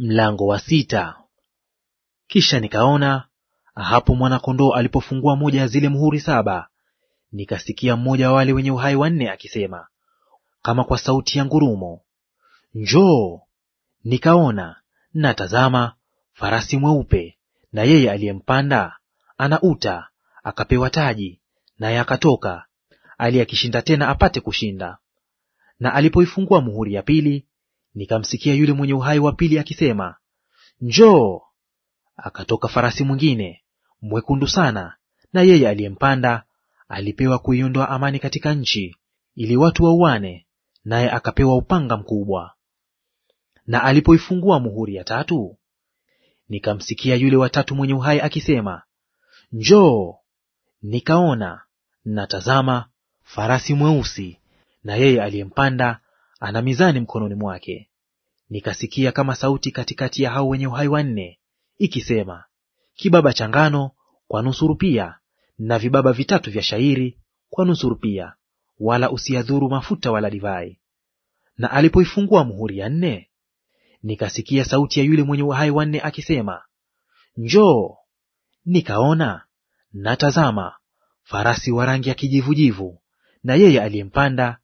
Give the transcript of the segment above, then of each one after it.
Mlango wa sita. Kisha nikaona hapo mwana-kondoo alipofungua moja ya zile muhuri saba, nikasikia mmoja wa wale wenye uhai wanne akisema kama kwa sauti ya ngurumo, Njoo! Nikaona na tazama, farasi mweupe, na yeye aliyempanda ana uta, akapewa taji, naye akatoka, ali akishinda tena apate kushinda. Na alipoifungua muhuri ya pili, Nikamsikia yule mwenye uhai wa pili akisema, njoo. Akatoka farasi mwingine mwekundu sana, na yeye aliyempanda alipewa kuiondoa amani katika nchi, ili watu wauane, naye akapewa upanga mkubwa. Na alipoifungua muhuri ya tatu, nikamsikia yule wa tatu mwenye uhai akisema, njoo. Nikaona, natazama, farasi mweusi, na yeye aliyempanda ana mizani mkononi mwake. Nikasikia kama sauti katikati ya hao wenye uhai wanne ikisema, kibaba cha ngano kwa nusu rupia, na vibaba vitatu vya shairi kwa nusu rupia, wala usiyadhuru mafuta wala divai. Na alipoifungua muhuri ya nne, nikasikia sauti ya yule mwenye uhai wanne akisema, njoo. Nikaona natazama, farasi wa rangi ya kijivujivu, na yeye aliyempanda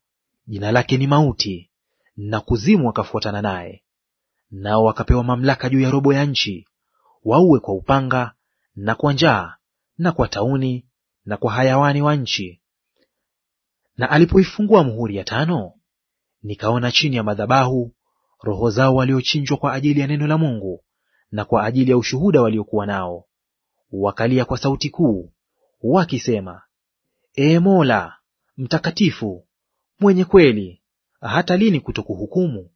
jina lake ni mauti, na kuzimu wakafuatana naye. Nao wakapewa mamlaka juu ya robo ya nchi, waue kwa upanga na kwa njaa na kwa tauni na kwa hayawani wa nchi. Na alipoifungua muhuri ya tano, nikaona chini ya madhabahu roho zao waliochinjwa kwa ajili ya neno la Mungu na kwa ajili ya ushuhuda waliokuwa nao, wakalia kwa sauti kuu wakisema, Ee Mola mtakatifu, mwenye kweli, hata lini kutokuhukumu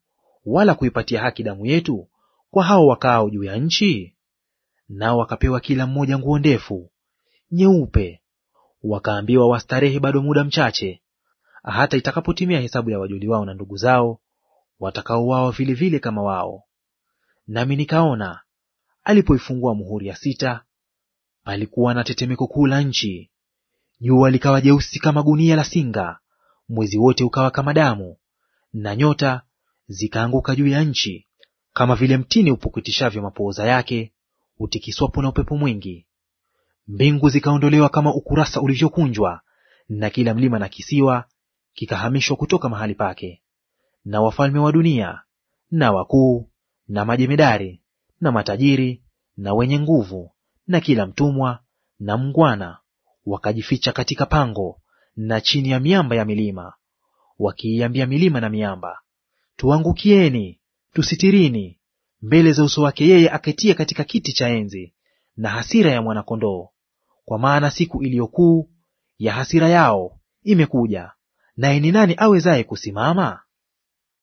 wala kuipatia haki damu yetu kwa hao wakaao juu ya nchi? Nao wakapewa kila mmoja nguo ndefu nyeupe, wakaambiwa wastarehe bado muda mchache, hata itakapotimia hesabu ya wajoli wao na ndugu zao watakaouawa vilevile kama wao. Nami nikaona alipoifungua muhuri ya sita, palikuwa na tetemeko kuu la nchi. Jua likawa jeusi kama gunia la singa, mwezi wote ukawa kama damu, na nyota zikaanguka juu ya nchi, kama vile mtini upukutishavyo mapooza yake utikiswapo na upepo mwingi. Mbingu zikaondolewa kama ukurasa ulivyokunjwa, na kila mlima na kisiwa kikahamishwa kutoka mahali pake. Na wafalme wa dunia na wakuu na majemedari na matajiri na wenye nguvu na kila mtumwa na mngwana wakajificha katika pango na chini ya miamba ya milima, wakiiambia milima na miamba, tuangukieni, tusitirini mbele za uso wake yeye aketie katika kiti cha enzi, na hasira ya mwanakondoo. Kwa maana siku iliyokuu ya hasira yao imekuja, naye ni nani awezaye kusimama?